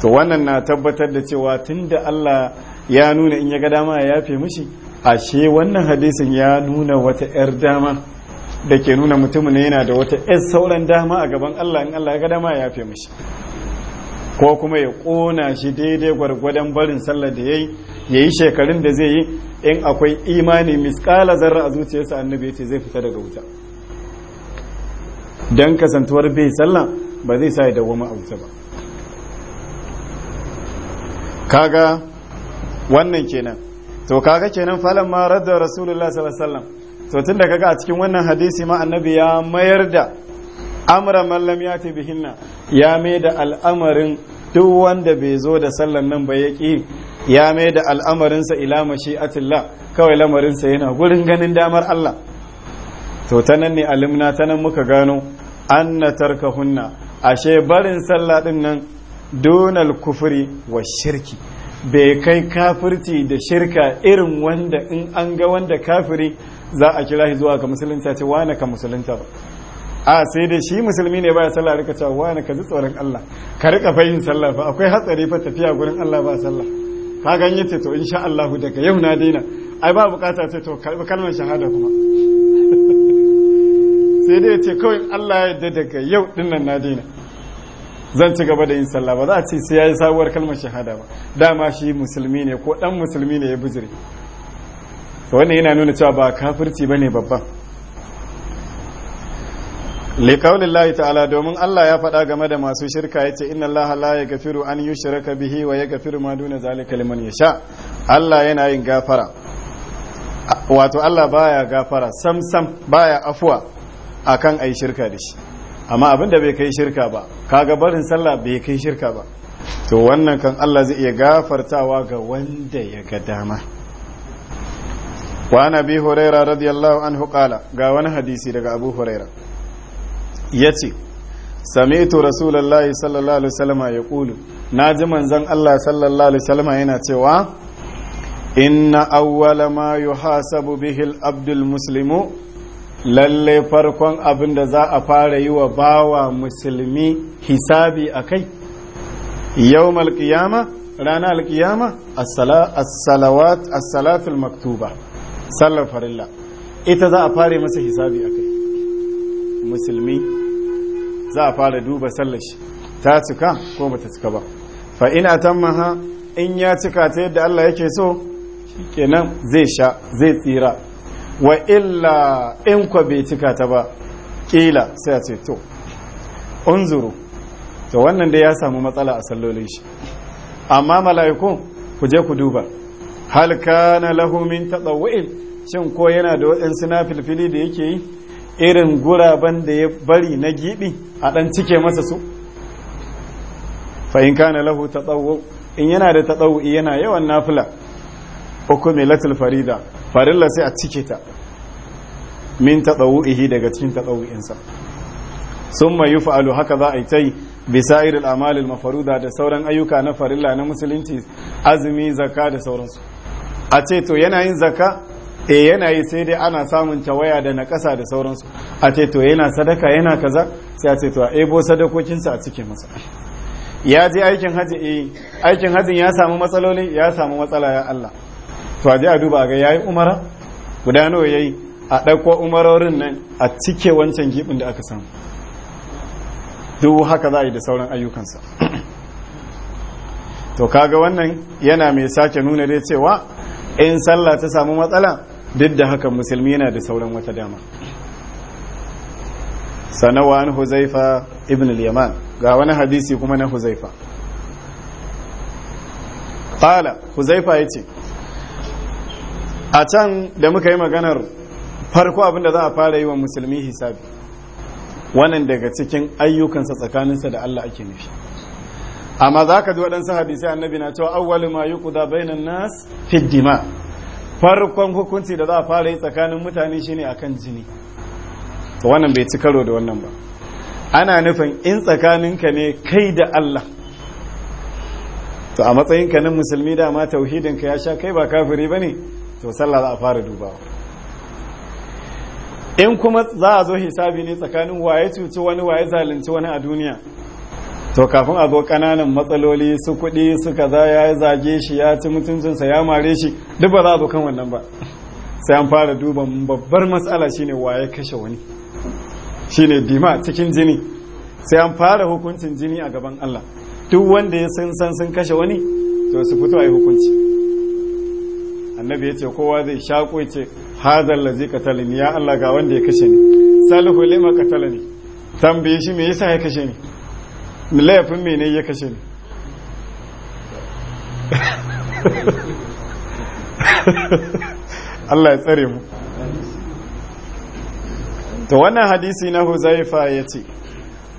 S1: to wannan na tabbatar da cewa tunda Allah ya nuna in ya ga dama ya yafe mishi ashe wannan hadisin ya nuna wata 'yar dama da ke nuna mutumin yana da wata 'yan sauran dama a gaban Allah in Allah ya ga dama ya fi mashi ko kuma ya ƙona shi daidai gwargwadon barin sallar da ya yi ya yi shekarun da zai yi in akwai imani miskala zarra a zuciyarsa annabi ya ce zai fita daga wuta don kasantuwar bai sallah ba zai sa ya dawoma a wuta ba kaga wannan kenan to kaga kenan falon ma radda rasulullah sallallahu alaihi wasallam to tun da kaga a cikin wannan hadisi ma annabi ya mayar da amra mallam ya ta bihinna ya mai da al'amarin duk wanda bai zo da sallan nan ba ya ƙi ya mai da al'amarinsa ila mashi'atillah kawai lamarin sa yana gurin ganin damar Allah to ta nan ne alimna ta nan muka gano an na tarkahunna ashe barin sallah din nan donal kufuri wa shirki bai kai kafirci da shirka irin wanda in an ga wanda kafiri za a kira shi zuwa ga musulunta ce wane ka musulunta a sai dai shi musulmi ne baya sallah rika cewa wane ka ji tsoron Allah ka rika fahimtar sallah fa akwai hatsari fa tafiya gurin Allah ba sallah ka ganye ce to insha Allah daga yau na daina ai ba bukata ce to karbi kalmar shahada kuma sai dai ce kawai Allah ya yarda daga yau dinnan na daina zan ci gaba da yin sallah ba za a ce sai yayi sabuwar kalmar shahada ba dama shi musulmi ne ko dan musulmi ne ya bijire wannan yana nuna cewa ba kafirci bane babban li kaulillahi ta'ala domin Allah ya faɗa game da masu shirka yace ce inna Allah la yaghfiru an yushraka bihi wa ya ma duna zalika liman ya sha Allah yana yin gafara wato Allah baya gafara sam sam baya afwa akan ayi shirka da shi amma abinda bai kai shirka ba kaga barin sallah bai kai shirka ba to wannan kan Allah zai iya gafartawa ga wanda ya ga dama Kwanabi Hurera radiyallahu anhu kala ga wani hadisi daga Abu Hurera. Ya ce, Samitu Rasulallah sallallahu alaihi wa salama ya ƙulu, na ji manzan Allah sallallahu alaihi salama yana cewa. In na awala mayu ha saboda bihil Abdul musulmu, lalle farkon abin da za a fara yi wa bawa musulmi hisabi akai. Yau ma alƙiyama, rana alƙiyama a salafin maktuba. sallar farilla ita za a fara masa hisabi a kai musulmi za a fara duba sallar shi ta cika ko ba ta cika ba fa ina maha in ya cika ta yadda Allah yake so kenan zai sha zai tsira wa illa in kwa bai cika ta ba kila sai a ce to unzuru to wannan da ya samu matsala a sallolin shi amma mala'iku ku je ku duba hal kana lahu min tatawwu'in shin ko yana da waɗansu na filfili da yake yi irin guraben da ya bari na giɓi a ɗan cike masa su fa in lahu tatawwu in yana da tatawwu'i yana yawan nafila hukumilatul farida farilla sai a cike ta min tatawu'ihi daga cikin tatawu'insa summa yuf'alu haka za a yi tai bi irin amalin mafaruda da sauran ayyuka na farilla na musulunci azumi zakka da sauransu a ce to yana yin zaka e eh, yana yi sai dai ana samun tawaya da na ƙasa da sauransu a ce to yana sadaka yana kaza sai a ce to a ebo sadakokinsa a cike masa ya je aikin haji e aikin hajin ya samu matsaloli ya samu matsala ya Allah to a je a duba ga yayi umara guda nawa yayi a ɗauko umarorin nan a cike wancan gibin da aka samu duk haka za a yi da sauran ayyukansa to kaga wannan yana mai sake nuna dai cewa in sallah ta samu matsala duk da haka musulmi yana da sauran wata dama sanawa an huzaifa ibn al-yaman ga wani hadisi kuma na huzaifa qala huzaifa ce a can da muka yi maganar farko abin da za a fara yi wa musulmi hisabi wannan daga cikin ayyukansa tsakaninsa da Allah ake nufi amma za ka ji waɗansu hadisai annabi na cewa awwalu ma yuqda bainan nas fi dima farkon hukunci da za a fara yi tsakanin mutane shine akan jini wannan bai ci karo da wannan ba ana nufin in tsakaninka ne kai da Allah to a matsayinka na musulmi dama tauhidinka ya sha kai ba kafiri ba ne to sallah za a fara dubawa in kuma za a zo hisabi ne tsakanin waye cuci wani waye zalunci wani a duniya to kafin a zo kananan matsaloli su kuɗi su kaza ya zage shi ya ci mutuncinsa ya mare shi duk ba za a zo kan wannan ba sai an fara duba babbar matsala shine waye kashe wani shine dima cikin jini sai an fara hukuncin jini a gaban Allah duk wanda ya san san sun kashe wani to su fito a yi hukunci annabi ya ce kowa zai shaƙo ce hazal lazi katalini ya Allah ga wanda ya kashe ni salihu lima katalini tambaye shi me yasa ya kashe ni laifin mene ya kashe Allah ya tsare mu to wannan hadisi na huzaifa ya ce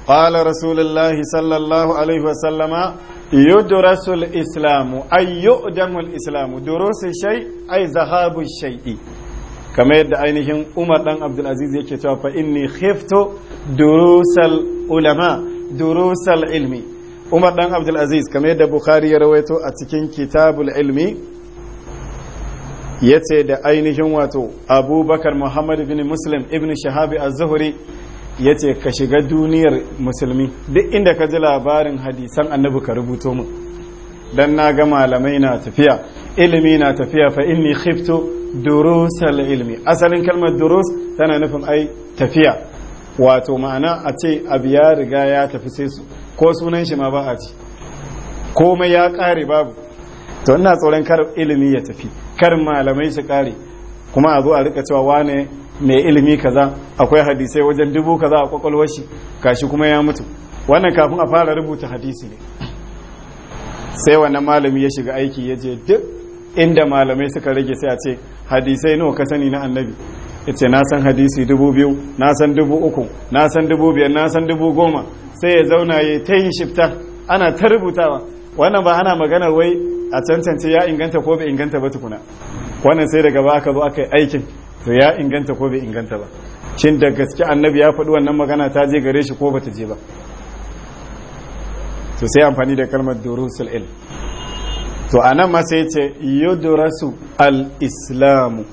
S1: ƙala rasulullahi sallallahu alaihi wasallama yudrasul islamu ay yu'damul islamu durusu shai, ay zahabu shay'i kamar yadda ainihin Umar dan Abdulaziz yake cewa fa inni khiftu durusal ulama durusal ilmi umar dan abdulaziz kamar da bukhari ya rawaito a cikin kitabul ilmi ya ce da ainihin wato abubakar muhammad bin muslim ibni shahabi az-zuhri ya ce ka shiga duniyar musulmi duk inda ka ji labarin hadisan annabi ka rubuto mu dan na ga malamai na tafiya ilimi na tafiya fa inni khiftu durusal ilmi asalin kalmar durus tana nufin ai tafiya wato ma'ana a ce abu ya riga ya tafi sai su ko sunan shi ma ba a ci komai ya kare babu to ina tsoron kar ilimi ya tafi kar malamai su kare kuma a zo a rika cewa wane mai ilimi kaza akwai hadisai wajen dubu kaza a kwakwalwar shi kashi kuma ya mutu wannan kafin a fara rubuta hadisi ne sai wannan malami ya shiga aiki ya je duk inda malamai suka rage sai a ce hadisai nawa ka sani na annabi yace na san hadisi dubu biyu na san dubu uku na san dubu biyar na san dubu goma sai ya zauna ya ta yin shifta ana ta rubutawa wannan ba ana magana wai a cancanci ya inganta ko bai inganta ba tukuna wannan sai daga ba aka zo aka yi aikin to ya inganta ko bai inganta ba shin da gaske annabi ya faɗi wannan magana ta je gare shi ko ba ta je ba to sai amfani da kalmar durusul ilm to anan ma sai ce yudrasu al-islamu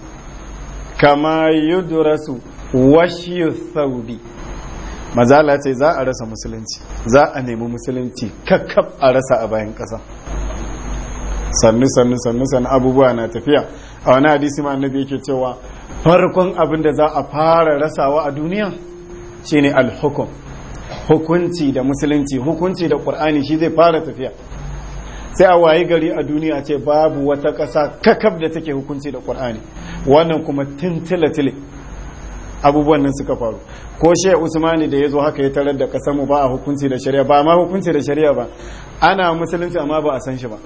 S1: kama yudrasu washiyu thawbi mazala ce za a rasa musulunci za a nemi musulunci kakkaf a rasa a bayan ƙasa sannu sannu sannu sannu abubuwa na tafiya a wani hadisi ma annabi yake cewa farkon abin da za a fara rasawa a duniya shine al-hukum hukunci da musulunci hukunci da qur'ani shi zai fara tafiya sai a wayi gari a duniya ce babu wata ƙasa kakaf da take hukunci da qur'ani wannan kuma tile-tile abubuwan nan suka faru ko she usmani da ya zo haka ya tarar da kasanmu ba a hukunci da shari'a ba ma hukunci da shari'a ba ana musulunci amma ba a san shi ba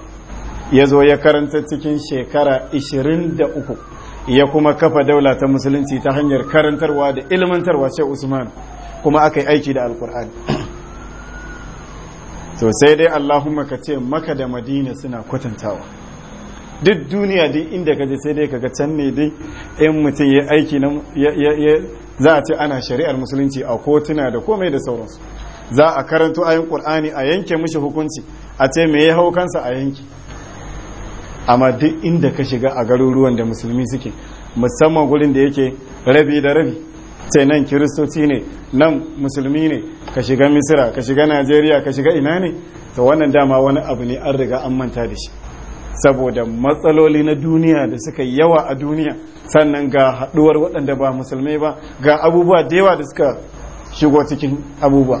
S1: ya zo ya karanta cikin shekara 23 ya kuma kafa daula ta musulunci ta hanyar karantarwa da ilmantarwa she usman kuma aka yi aiki da alkur'ani to sai dai allahumma ka ce maka da madina suna kwatantawa duk duniya dai inda ka je sai dai kaga can ne dai in mutum ya aiki na za a ce ana shari'ar musulunci a kotuna da komai da sauransu za a karanto ayin qur'ani a yanke mishi hukunci a ce me ya hau kansa a yanki amma duk inda ka shiga a garuruwan da musulmi suke musamman gurin da yake rabi da rabi sai nan kiristoci ne nan musulmi ne ka shiga misira ka shiga najeriya ka shiga ina ne to wannan dama wani abu ne an riga an manta da shi saboda matsaloli na duniya da suka yawa a duniya sannan ga haduwar waɗanda ba musulmai ba ga abubuwa da yawa da suka shigo cikin abubuwa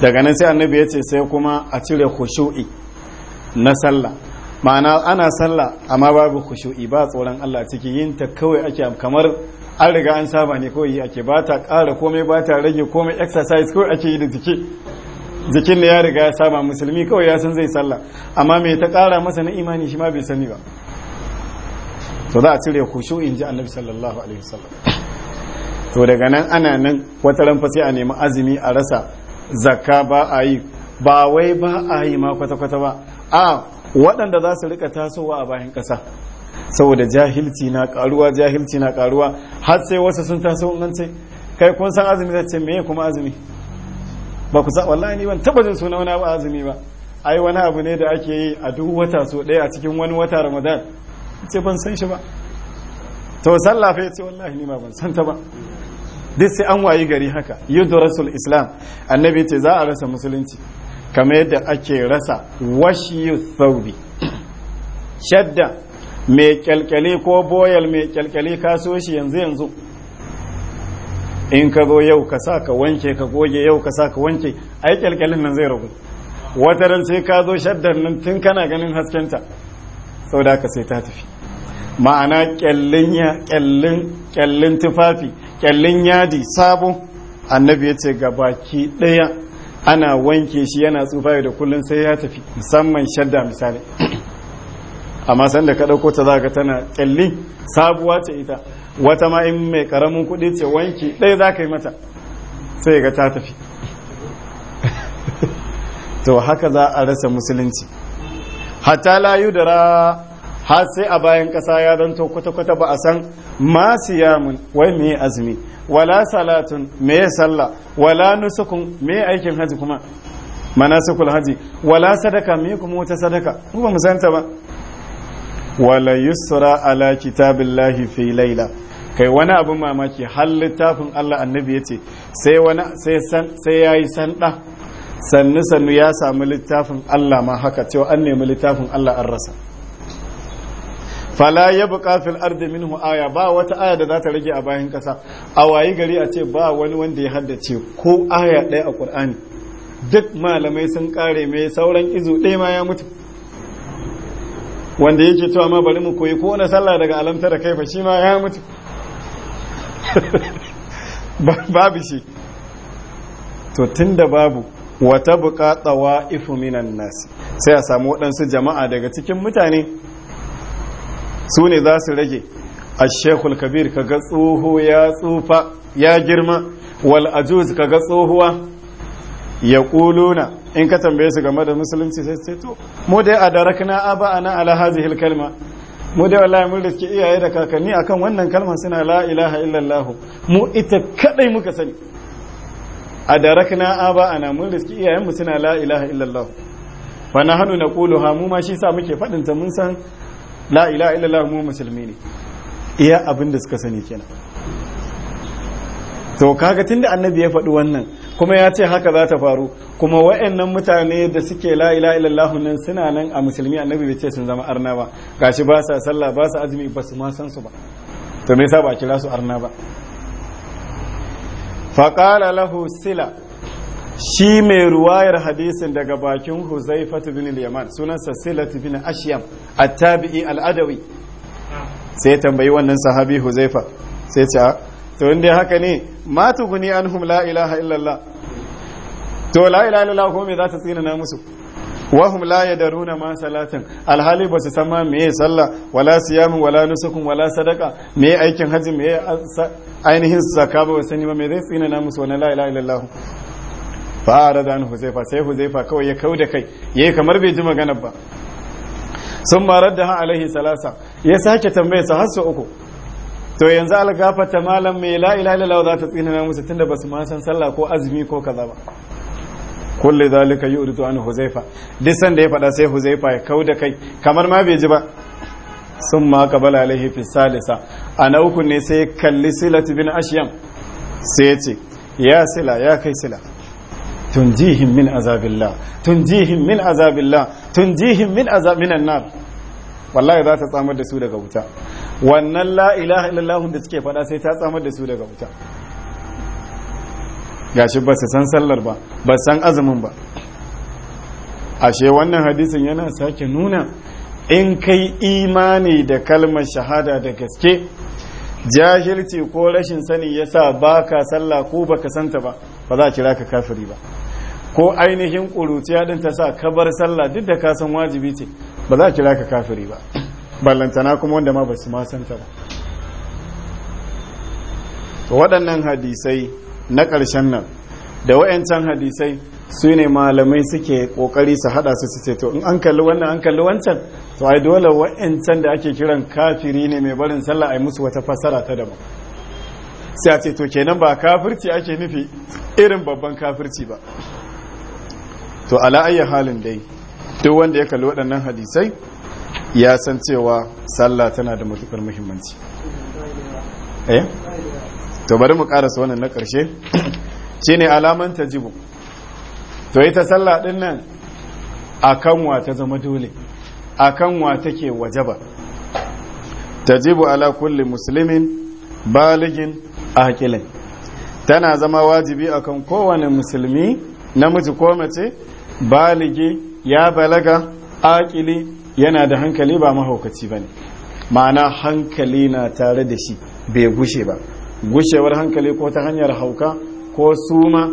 S1: daga nan sai annabi ya ce sai kuma a cire kushu'i na sallah ma'ana ana sallah amma babu kushu'i ba tsoron Allah ciki yin ta kawai ake kamar an riga an saba ne kawai ake ba ta ƙara komai ba ta rage komai exercise kawai ake yi da jiki jikin da ya riga ya saba musulmi kawai ya san zai sallah amma mai ta kara masa na imani shi ma bai sani ba to za a cire kushu in ji annabi sallallahu alaihi wasallam to daga nan ana nan wata ran sai a nemi azumi a rasa zakka ba a yi ba wai ba a yi ma kwata-kwata ba a waɗanda za su rika tasowa a bayan ƙasa saboda jahilci na karuwa jahilci na karuwa har sai wasu sun taso in an ce kai kun san azumi zai ce meye kuma azumi ba ku sa wallahi ni ban taba jin suna wani abu azumi ba ai wani abu ne da ake yi a duk wata so ɗaya a cikin wani wata ramadan ce ban san shi ba to sallah fa yace wallahi ni ma ban san ta ba duk sai an wayi gari haka rasul islam annabi ce za a rasa musulunci kamar yadda ake rasa washiyu thawbi shadda mai kyalkyali ko boyal mai kyalkyali kaso shi yanzu yanzu in ka zo yau ka sa ka wanke ka goge yau ka sa ka wanke ai kyalkyalin nan zai ragu wata ran sai ka zo shaddar nan tun kana ganin haskenta Sau da ka sai ta tafi ma'ana kyallin tufafi kyallin yadi sabo annabi ya ce baki ɗaya ana wanke shi yana tsufa da kullun sai ya tafi musamman shadda misali amma sanda ka ɗauko ta zaka tana kyalli sabuwa ce ita wata ma in mai karamin kuɗi ce wanki ɗaya za ka yi mata sai ga ta tafi to haka za a rasa musulunci hatta layu da ra har sai a bayan ƙasa ya zanto kwata-kwata ba a san masu yamun wai mai azumi wala salatun mai sallah wala nusukun me aikin haji kuma Mana sukul haji wala sadaka me kuma wata sadaka ba mu santa ba wala yusra ala kitabillahi fi laila kai wani abin mamaki har littafin Allah annabi ya ce sai wani sai ya yi sanda sannu sannu ya samu littafin Allah ma haka cewa an nemi littafin Allah an rasa fala ya fil ardi minhu aya ba wata aya da za ta rage a bayan kasa a wayi gari a ce ba wani wanda ya haddace ko aya ɗaya a ƙur'ani duk malamai sun kare mai sauran izu ɗaya ma ya mutu wanda yake cewa ma bari mu koyi kowane sallah daga kai kaifa shi ma ya mutu babu shi to tun babu wata buƙaɗa wa minan nasi sai a samu waɗansu jama'a daga cikin mutane su ne za su rage a shekul kabir kaga tsoho ya tsufa ya girma wal ajuz kaga tsohuwa ya kuluna in ka tambaye su game da musulunci sai ce to mu dai a a ba ana ala hazihil kalma mu dai wallahi mun suke iyaye da kakanni akan wannan kalma suna la ilaha illallah mu ita kadai muka sani a darakna aba ana mun suke iyayen mu suna la ilaha illallah fa na hanu ha mu ma shi sa muke fadin ta mun san la ilaha illallah mu musulmi ne iya abin da suka sani kenan to kaga tunda annabi ya faɗi wannan kuma ya ce haka za ta faru kuma wa'annan mutane da suke la ila, nan suna nan a musulmi annabi bai ce sun zama arna ba gashi ba sa sallah ba sa azumi ba su ma san su ba to me yasa ba kira su arna ba faqala lahu sila shi mai ruwayar hadisin daga bakin huzaifatu bin al-yaman sunansa silatu bin ashyam at-tabi'i al-adawi sai tambayi wannan sahabi huzaifa sai ce to inda haka ne ma tuguni anhum la ilaha illallah to la ilaha illallah ko me za ta tsina na musu wahum la yadaruna ma salatin alhali ba su san ma meye sallah wala siyamin wala nusukun wala sadaka Me aikin haji meye ainihin zakka ba sani ba me zai tsina na musu wannan la ilaha illallah fara da huzaifa sai huzaifa kawai ya kauda kai yayi kamar bai ji magana ba sun marar da alaihi salasa ya sake tambaye sa har uku to yanzu algafata malam mai la ilaha illallah za ta tsina na musu tunda ba su ma san sallah ko azumi ko kaza ba kulli zalika yuridu an huzaifa duk sanda ya fada sai huzaifa ya kau da kai kamar ma bai ji ba sun ma kabala alaihi fi salisa ana uku ne sai kalli silat bin ashyam sai ya ce ya sila ya kai sila tunjihim min azabillah tunjihim min azabillah tunjihim min azab minan nar wallahi za ta tsamar da su daga wuta wannan la ilaha illallah da suke fada sai ta tsamar da su daga wuta gashi ba su san sallar ba ba san azumin ba ashe wannan hadisin yana sake nuna in kai imani da kalmar shahada da gaske jahilci ko rashin sani yasa baka sallah ko baka santa ba ba za a kira ka kafiri ba ko ainihin ƙuruciya din ta sa ka bar sallah duk da ka san wajibi ce ba za a kira ka kafiri ba ballantana kuma wanda ma ba su ma santa ba waɗannan hadisai na ƙarshen nan da wa'yancan hadisai su ne malamai suke ƙoƙari su haɗa su su ce to in an kalli wannan an kalli wancan to ai dole wa'yancan da ake kiran kafiri ne mai barin sallah ai musu wata fassara ta daban sai a ce to kenan ba kafirci ake nufi irin babban kafirci ba to ala ayyi halin dai duk wanda ya kalli waɗannan hadisai ya san cewa sallah tana da matukar muhimmanci eh to bari mu karasa wannan na ƙarshe shine alaman ta jibu to ita sallah din nan a wa ta zama dole akan wa take wajaba jibu ala kulli musulmin baligin haƙilin tana zama wajibi a kan kowane musulmi namiji ko mace baligi ya balaga akili yana da hankali ba mahaukaci ba ne ma'ana hankali na tare da shi bai gushe ba gushewar hankali ko ta hanyar hauka ko suma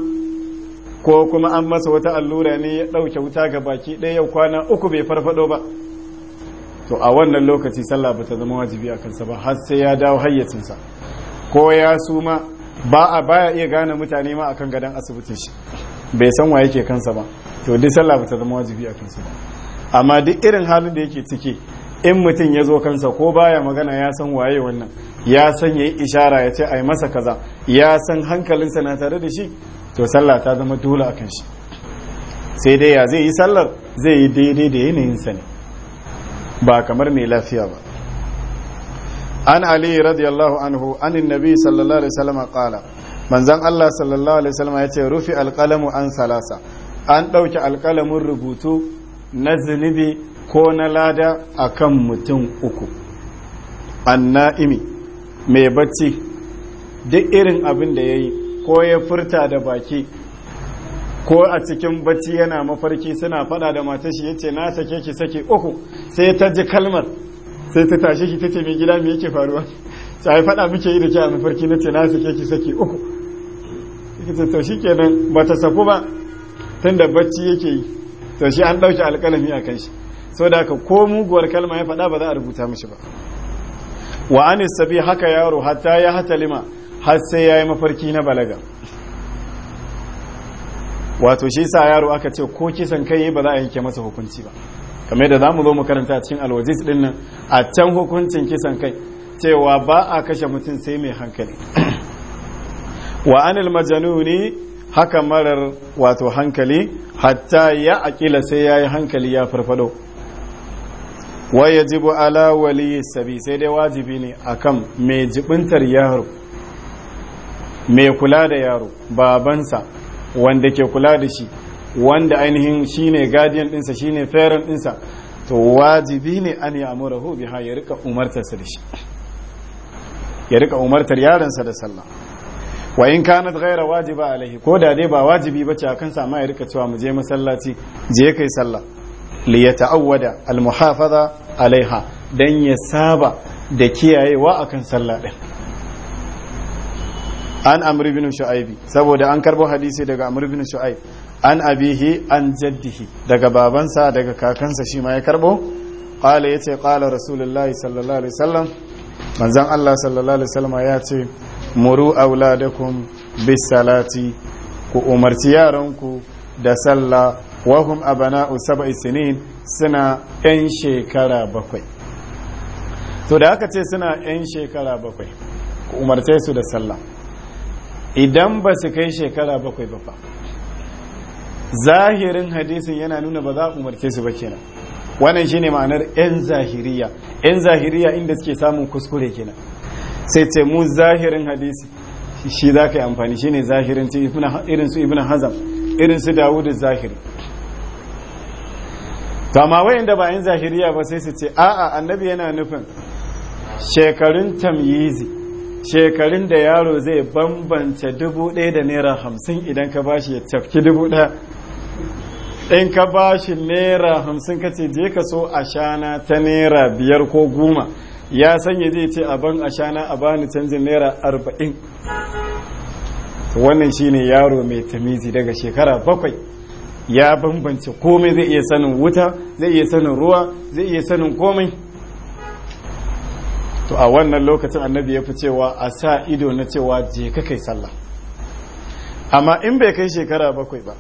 S1: ko kuma an masa wata allura ne ya ɗauke wuta ga baki ɗaya yau kwana uku bai farfado ba to a wannan lokaci sallah ba ta zama wajibi a kansa ba har sai ya dawo hayyacinsa ko ya suma ba a baya iya gane mutane ma akan gadon asibitin shi bai san wa yake kansa ba to duk sallah ba ta zama wajibi a kansa ba amma duk irin halin da yake ciki in mutum ya zo kansa ko baya magana ya san waye wannan ya san ya yi ishara ya ce a yi masa kaza ya san hankalinsa na tare da shi to sallah ta zama dole a shi sai dai ya zai yi sallar zai yi daidai da yanayinsa ne ba kamar mai lafiya ba an ali radiyallahu anhu anin nabi sallallahu alaihi wasallam qala manzon Allah sallallahu alaihi wasallam yace rufi alqalamu an salasa an dauke alqalamin rubutu na zunubi ko na lada a kan mutum uku anna'imi mai bacci duk irin abin da ya yi ko ya furta da baki ko a cikin bacci yana mafarki suna fada da matashi ya ce na sake ki sake uku sai ta ji kalmar sai ta tashi shi ta ce mai gida mai yake faruwa sai fada muke yi da ke a mafarki na ce na sake ki sake uku to shi kenan ba ta safu ba tun da bacci yake yi to shi an ɗauki alƙalami a kai shi so da ka ko muguwar kalma ya faɗa ba za a rubuta mashi ba wa an sabi haka yaro hatta ya hata lima har sai ya yi mafarki na balaga wato shi sa yaro aka ce ko kisan kai ba za a yanke masa hukunci ba kamar yadda za mu zo mu karanta a cikin alwajis din nan a can hukuncin kisan kai cewa ba a kashe mutum sai mai hankali wa anil majanuni haka marar wato hankali hatta ya aƙila sai ya yi hankali ya farfado waye ya ala wali sabi sai dai wajibi ne akan mai jibintar yaro mai kula da yaro babansa wanda ke kula da shi wanda ainihin shine guardian dinsa shine parent dinsa to wajibi ne an ya amura hu biha ya rika ya rika umartar yaransa da sallah wa in kanat ghaira wajiba alaihi ko da dai ba wajibi bace akan sa ma ya rika cewa mu je masallaci je kai sallah li yata'awwada al-muhafaza alaiha dan ya saba da kiyayewa akan sallah din an amr ibn saboda an karbo hadisi daga amr ibn shu'aib an abihi an jaddihi daga babansa daga kakansa shi ma ya karbo qala yace qala rasulullahi sallallahu alaihi wasallam manzon Allah sallallahu alaihi wasallam ya ce muru auladakum bis salati ku umarci yaranku da sallah wahum abana usaba isinin suna 'yan shekara bakwai to da aka ce suna 'yan shekara bakwai ku umarce su da sallah idan ba su kai shekara bakwai ba zahirin hadisin yana nuna ba za a umarce su ba kenan wannan shine ma'anar 'yan zahiriya 'yan zahiriya inda suke samun kuskure kenan sai ce mu zahirin hadisi shi za ka yi amfani shine zahirin irin su ibn hazam irin su dawudu zahiri to amma da ba yin zahiriya ba sai su ce a'a annabi yana nufin shekarun tamyizi shekarun da yaro zai bambance dubu ɗaya da naira hamsin idan ka bashi ya tafki dubu ɗaya in ka bashi naira hamsin ka ce je ka so ashana ta naira biyar ko goma ya sanya zai ce a ban ashana a bani canjin naira arba'in wannan shine yaro mai tamizi daga shekara bakwai ya bambance komai zai iya sanin wuta zai iya sanin ruwa zai iya sanin komai to a wannan lokacin annabi ya fi cewa a sa ido na cewa je ka kai sallah amma in bai kai shekara bakwai ba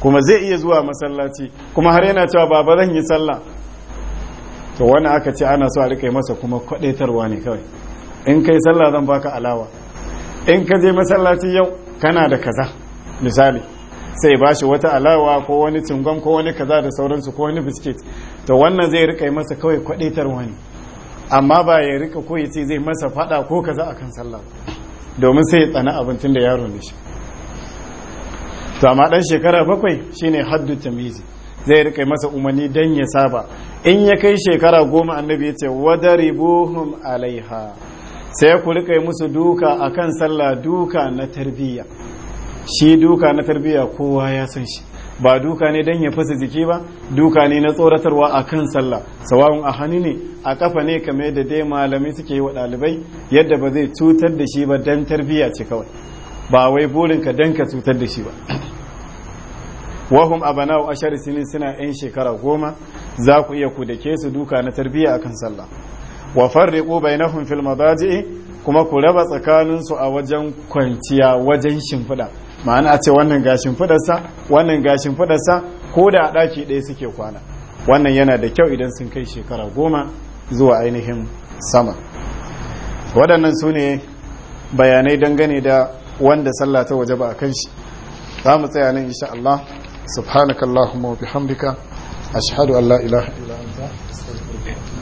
S1: kuma zai iya zuwa masallaci kuma har yana cewa baba zan yi sallah to wani aka ce ana so a rika masa kuma kwadaitarwa ne kawai in kai sallah zan baka alawa in ka je masallaci yau kana da kaza misali sai ba shi wata alawa ko wani cingam ko wani kaza da sauransu ko wani biskit to wannan zai rika masa kawai kwadetar wani amma ba ya rika ko ce zai masa fada ko kaza akan sallah domin sai ya tsana abincin da yaro ne shi to amma dan shekara bakwai shine haddu tamizi zai rika masa umarni dan ya saba in ya kai shekara goma annabi ya ce wadaribuhum alaiha sai ku rika musu duka akan sallah duka na tarbiyya shi duka na tarbiyya kowa ya san shi ba duka ne don ya fasa jiki ba duka ne na tsoratarwa a kan sallah sawawun a hannu ne a kafa ne kamar yadda dai malamai suke yi wa ɗalibai yadda ba zai cutar da shi ba don tarbiyya ce kawai ba wai burinka don ka cutar da shi ba wahum abana wa ashar sinin suna yan shekara goma za ku iya ku dake su duka na tarbiyya akan sallah wa farriqu bainahum fil madaji'i kuma ku raba tsakaninsu a wajen kwanciya wajen shimfiɗa ma'ana a ce wannan gashin fudarsa wannan gashin fudarsa ko da a ɗaki ɗaya suke kwana wannan yana da kyau idan sun kai shekara goma zuwa ainihin sama waɗannan su ne bayanai dangane da wanda sallah ta waje ba a kan shi za mu tsaya nan insha Allah subhanakallahumma wa bihamdika ashhadu an la ilaha illa anta